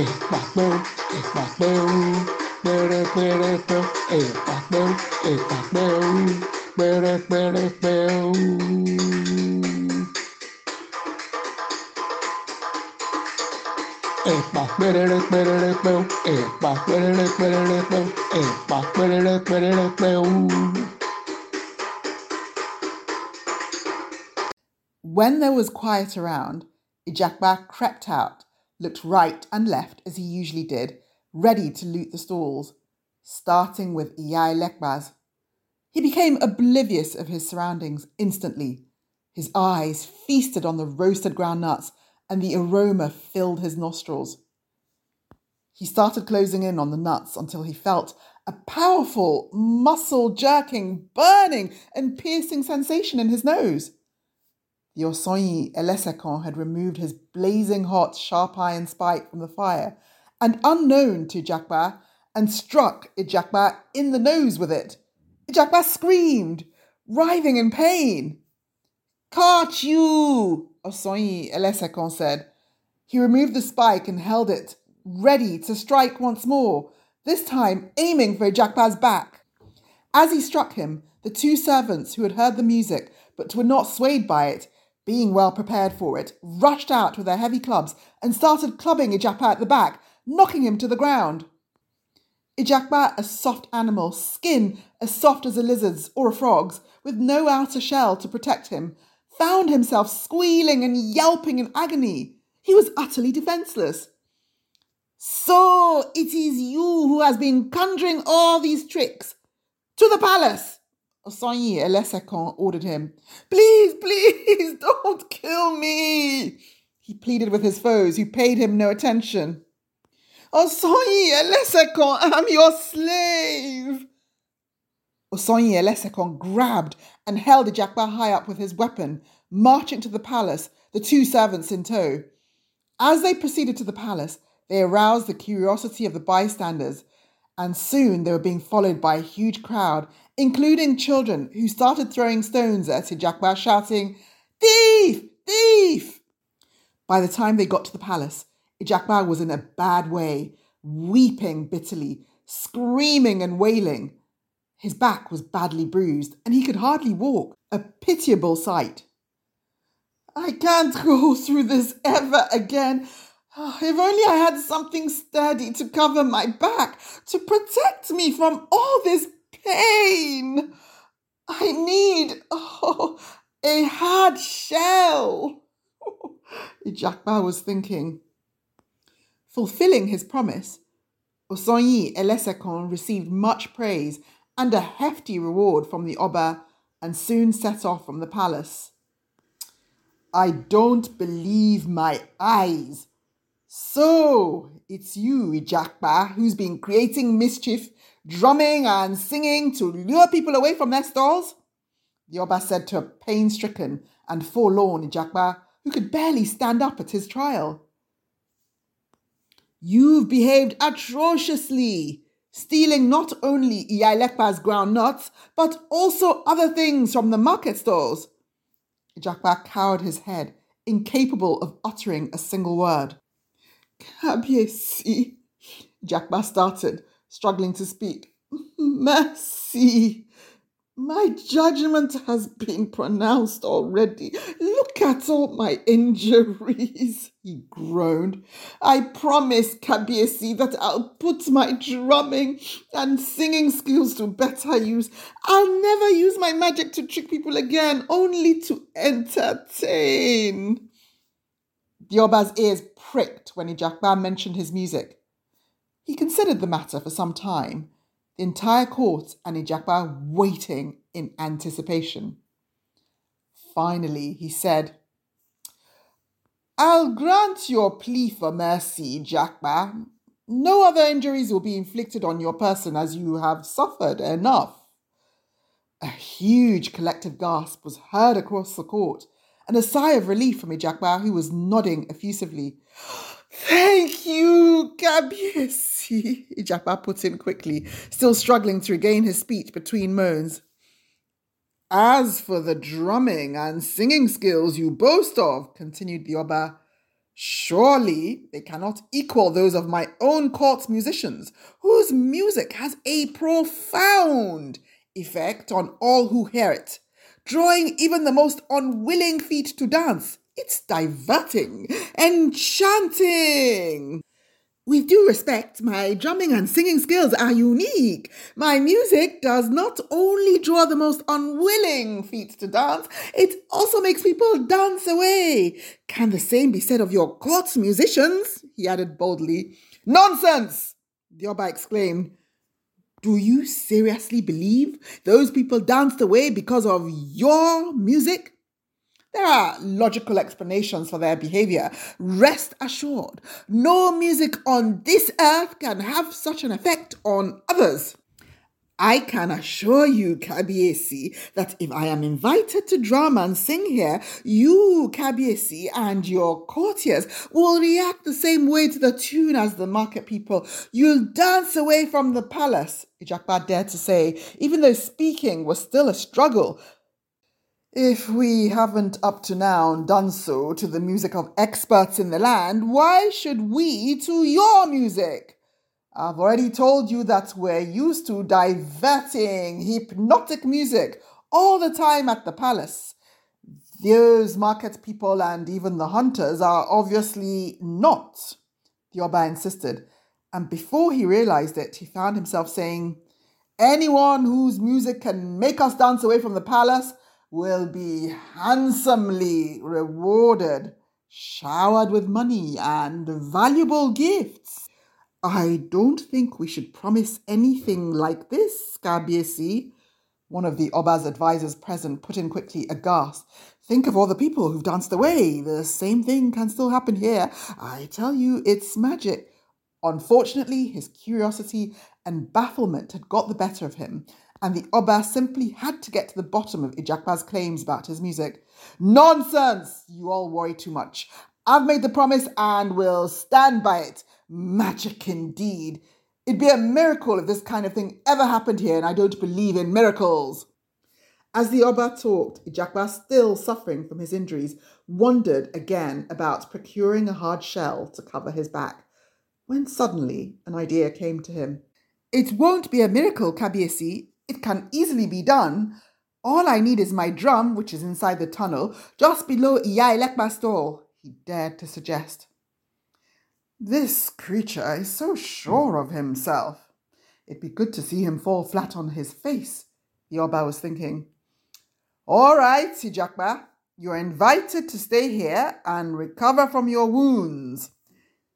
ẹ̀pàpẹ́ ẹ̀pàpẹ́ pẹ̀rẹ̀pẹ̀rẹ̀pẹ̀ ẹ̀pàpẹ́ ẹ̀pàpẹ́. When there was quiet around, Ijakba crept out, looked right and left as he usually did, ready to loot the stalls, starting with Iyai Lekba's he became oblivious of his surroundings instantly. His eyes feasted on the roasted ground nuts, and the aroma filled his nostrils. He started closing in on the nuts until he felt a powerful, muscle jerking, burning, and piercing sensation in his nose. The Osonyi Elesakon had removed his blazing hot, sharp iron spike from the fire, and unknown to Jakba, and struck Ijakba in the nose with it. The screamed, writhing in pain. Caught you, Osoyi Elesekon said. He removed the spike and held it, ready to strike once more, this time aiming for Jakba's back. As he struck him, the two servants who had heard the music but were not swayed by it, being well prepared for it, rushed out with their heavy clubs and started clubbing Ijapa at the back, knocking him to the ground. Ijakba, a soft animal, skin as soft as a lizard's or a frog's, with no outer shell to protect him, found himself squealing and yelping in agony. He was utterly defenseless. So it is you who has been conjuring all these tricks. To the palace! Osanyi Elesekon ordered him. Please, please, don't kill me! He pleaded with his foes, who paid him no attention. Ọ̀sanyìn Ẹlẹ́sẹ̀kan, I'm your slave. Ọ̀sanyìn Ẹlẹ́sẹ̀kan grabbed and held the Ijakba high up with his weapon, marching to the palace, the two servants in tow. As they proceeded to the palace, they aroused the curiosity of the bystanders, and soon they were being followed by a huge crowd, including children who started throwing stones at Ijakba, shouting, Thief! Thief! By the time they got to the palace, Jack Ma was in a bad way, weeping bitterly, screaming and wailing. His back was badly bruised, and he could hardly walk, a pitiable sight. I can't go through this ever again. Oh, if only I had something sturdy to cover my back, to protect me from all this pain. I need oh, a hard shell. Jack Ma was thinking. Fulfilling his promise, Osonyi Elesekon received much praise and a hefty reward from the Oba and soon set off from the palace. I don't believe my eyes. So it's you, Ijakba, who's been creating mischief, drumming and singing to lure people away from their stalls? The Oba said to a pain stricken and forlorn Ijakba, who could barely stand up at his trial. You've behaved atrociously, stealing not only Iyailepa's ground nuts, but also other things from the market stalls. Jakba cowered his head, incapable of uttering a single word. Kabiesi, Jakba started, struggling to speak. Mercy, my judgment has been pronounced already. Look at all my injuries, he groaned. I promise, Kabiesi, that I'll put my drumming and singing skills to better use. I'll never use my magic to trick people again, only to entertain. Dioba's ears pricked when Ijakba mentioned his music. He considered the matter for some time entire court and Ijapa waiting in anticipation. Finally, he said, I'll grant your plea for mercy, Jakba. No other injuries will be inflicted on your person as you have suffered enough. A huge collective gasp was heard across the court and a sigh of relief from Ijakba, who was nodding effusively. Thank you, Gabiesi, Ijapa put in quickly, still struggling to regain his speech between moans. As for the drumming and singing skills you boast of, continued the Oba, surely they cannot equal those of my own court musicians, whose music has a profound effect on all who hear it, drawing even the most unwilling feet to dance it's diverting, enchanting. With due respect, my drumming and singing skills are unique. My music does not only draw the most unwilling feet to dance, it also makes people dance away. Can the same be said of your court musicians? he added boldly. Nonsense! the exclaimed. Do you seriously believe those people danced away because of your music? There are logical explanations for their behavior. Rest assured, no music on this earth can have such an effect on others. I can assure you, Kabiesi, that if I am invited to drum and sing here, you, Kabiesi, and your courtiers will react the same way to the tune as the market people. You'll dance away from the palace, Ijakba dared to say, even though speaking was still a struggle. If we haven't up to now done so to the music of experts in the land, why should we to your music? I've already told you that we're used to diverting hypnotic music all the time at the palace. Those market people and even the hunters are obviously not, the Oba insisted. And before he realized it, he found himself saying, Anyone whose music can make us dance away from the palace will be handsomely rewarded, showered with money and valuable gifts. I don't think we should promise anything like this, Scabiesi. One of the Oba's advisers present put in quickly, aghast. Think of all the people who've danced away. The same thing can still happen here. I tell you, it's magic. Unfortunately, his curiosity and bafflement had got the better of him, and the Oba simply had to get to the bottom of Ijakpa's claims about his music. Nonsense! You all worry too much. I've made the promise and will stand by it. Magic indeed. It'd be a miracle if this kind of thing ever happened here, and I don't believe in miracles. As the Oba talked, Ijakba, still suffering from his injuries, wondered again about procuring a hard shell to cover his back, when suddenly an idea came to him. It won't be a miracle, Kabiesi, it can easily be done. All I need is my drum, which is inside the tunnel, just below Iyailekma's stall. he dared to suggest. This creature is so sure of himself. It'd be good to see him fall flat on his face, the was thinking. All right, Sijakba, you're invited to stay here and recover from your wounds.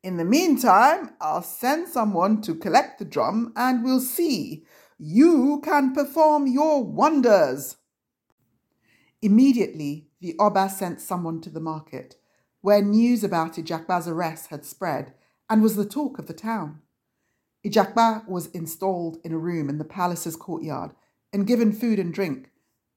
In the meantime, I'll send someone to collect the drum and we'll see you can perform your wonders. Immediately, the Oba sent someone to the market, where news about Ijakba's arrest had spread and was the talk of the town. Ijakba was installed in a room in the palace's courtyard and given food and drink,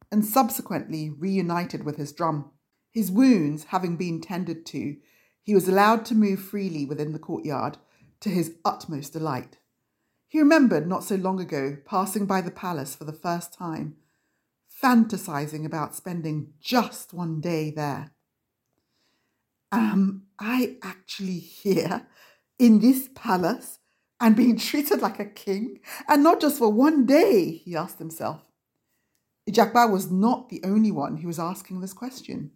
and subsequently reunited with his drum. His wounds having been tended to, he was allowed to move freely within the courtyard to his utmost delight. He remembered not so long ago passing by the palace for the first time, fantasizing about spending just one day there. Am I actually here in this palace and being treated like a king? And not just for one day, he asked himself. Ijakba was not the only one who was asking this question.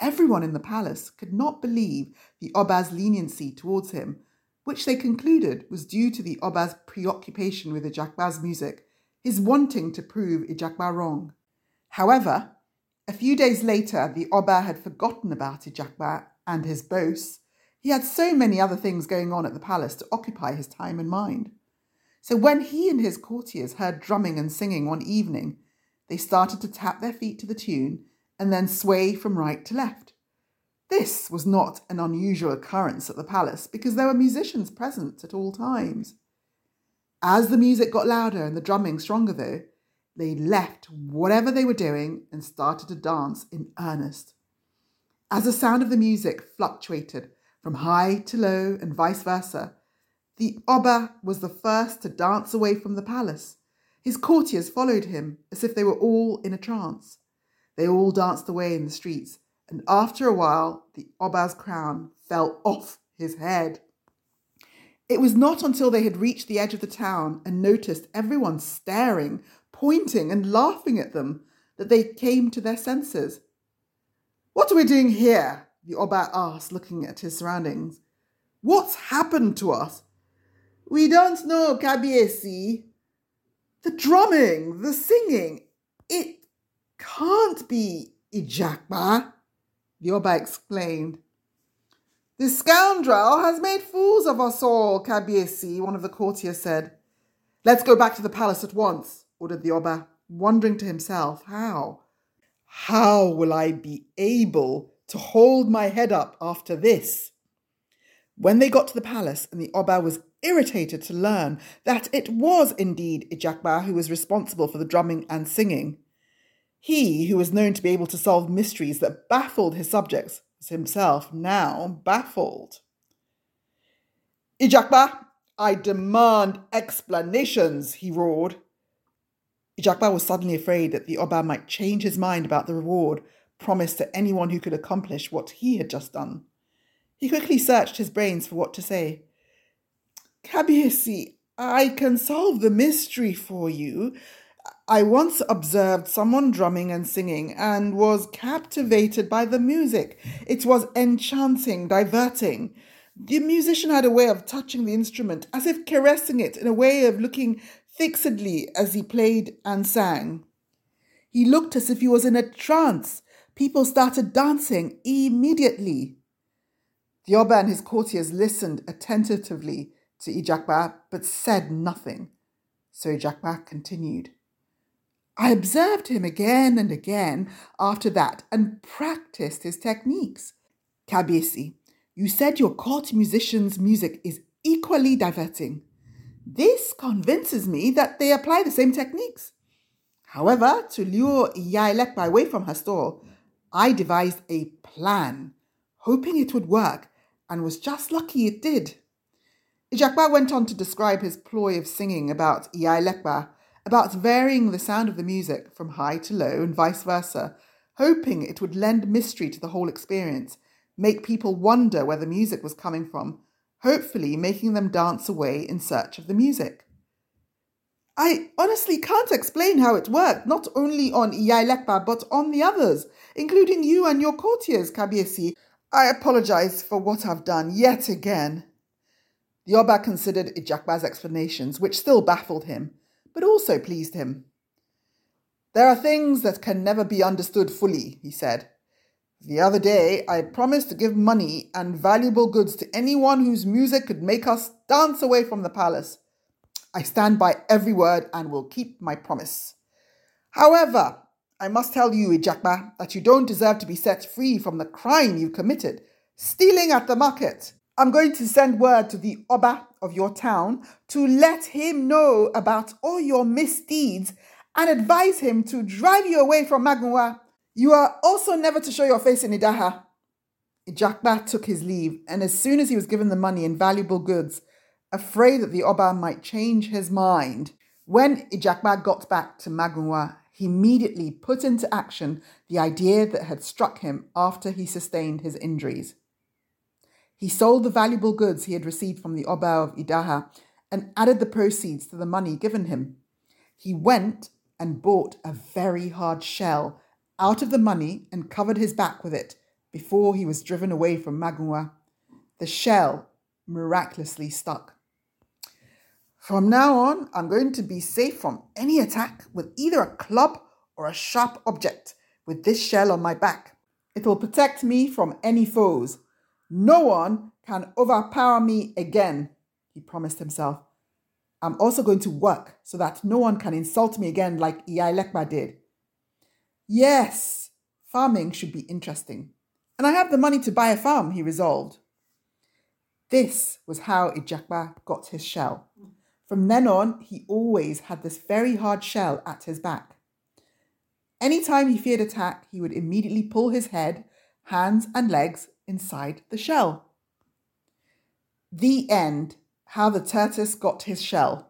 Everyone in the palace could not believe the Oba's leniency towards him which they concluded was due to the Oba's preoccupation with Ijakba's music, his wanting to prove Ijakba wrong. However, a few days later, the Oba had forgotten about Ijakba and his boasts. He had so many other things going on at the palace to occupy his time and mind. So when he and his courtiers heard drumming and singing one evening, they started to tap their feet to the tune and then sway from right to left. This was not an unusual occurrence at the palace because there were musicians present at all times. As the music got louder and the drumming stronger, though, they left whatever they were doing and started to dance in earnest. As the sound of the music fluctuated from high to low and vice versa, the Oba was the first to dance away from the palace. His courtiers followed him as if they were all in a trance. They all danced away in the streets, and after a while the oba's crown fell off his head. It was not until they had reached the edge of the town and noticed everyone staring, pointing, and laughing at them that they came to their senses. What are we doing here? the oba asked, looking at his surroundings. What's happened to us? We don't know, Kabiesi. The drumming, the singing, it can't be Ijakba, the Oba exclaimed. This scoundrel has made fools of us all, Kabiesi, one of the courtiers said. Let's go back to the palace at once, ordered the Oba, wondering to himself how. How will I be able to hold my head up after this? When they got to the palace, and the Oba was irritated to learn that it was indeed Ijakba who was responsible for the drumming and singing, he, who was known to be able to solve mysteries that baffled his subjects, was himself now baffled. Ijakba, I demand explanations, he roared. Ijakba was suddenly afraid that the Oba might change his mind about the reward promised to anyone who could accomplish what he had just done. He quickly searched his brains for what to say. Kabiesi, I can solve the mystery for you, I once observed someone drumming and singing and was captivated by the music. It was enchanting, diverting. The musician had a way of touching the instrument, as if caressing it, in a way of looking fixedly as he played and sang. He looked as if he was in a trance. People started dancing immediately. The Oba and his courtiers listened attentively to Ijakba but said nothing. So Ijakba continued. I observed him again and again after that and practiced his techniques. Kabiesi, you said your court musicians' music is equally diverting. This convinces me that they apply the same techniques. However, to lure Yaelekpa away from her stall, I devised a plan, hoping it would work, and was just lucky it did. Ijakba went on to describe his ploy of singing about Yaelekpa about varying the sound of the music from high to low and vice versa, hoping it would lend mystery to the whole experience, make people wonder where the music was coming from, hopefully making them dance away in search of the music. I honestly can't explain how it worked, not only on Iailepa, but on the others, including you and your courtiers, Kabiesi. I apologize for what I've done yet again. The Oba considered Ijakba's explanations, which still baffled him, but also pleased him. There are things that can never be understood fully, he said. The other day, I promised to give money and valuable goods to anyone whose music could make us dance away from the palace. I stand by every word and will keep my promise. However, I must tell you, Ijakma, that you don't deserve to be set free from the crime you committed, stealing at the market. I'm going to send word to the Oba of your town to let him know about all your misdeeds and advise him to drive you away from Magunwa. You are also never to show your face in Idaha. Ijakba took his leave, and as soon as he was given the money and valuable goods, afraid that the Oba might change his mind, when Ijakba got back to Magunwa, he immediately put into action the idea that had struck him after he sustained his injuries. He sold the valuable goods he had received from the Oba of Idaha and added the proceeds to the money given him. He went and bought a very hard shell out of the money and covered his back with it before he was driven away from Magua. The shell miraculously stuck. From now on, I'm going to be safe from any attack with either a club or a sharp object with this shell on my back. It will protect me from any foes, no one can overpower me again, he promised himself. I'm also going to work so that no one can insult me again like Iyailekba did. Yes, farming should be interesting. And I have the money to buy a farm, he resolved. This was how Ijakba got his shell. From then on, he always had this very hard shell at his back. Anytime he feared attack, he would immediately pull his head, hands, and legs inside the shell. The end How the Tortoise Got His Shell.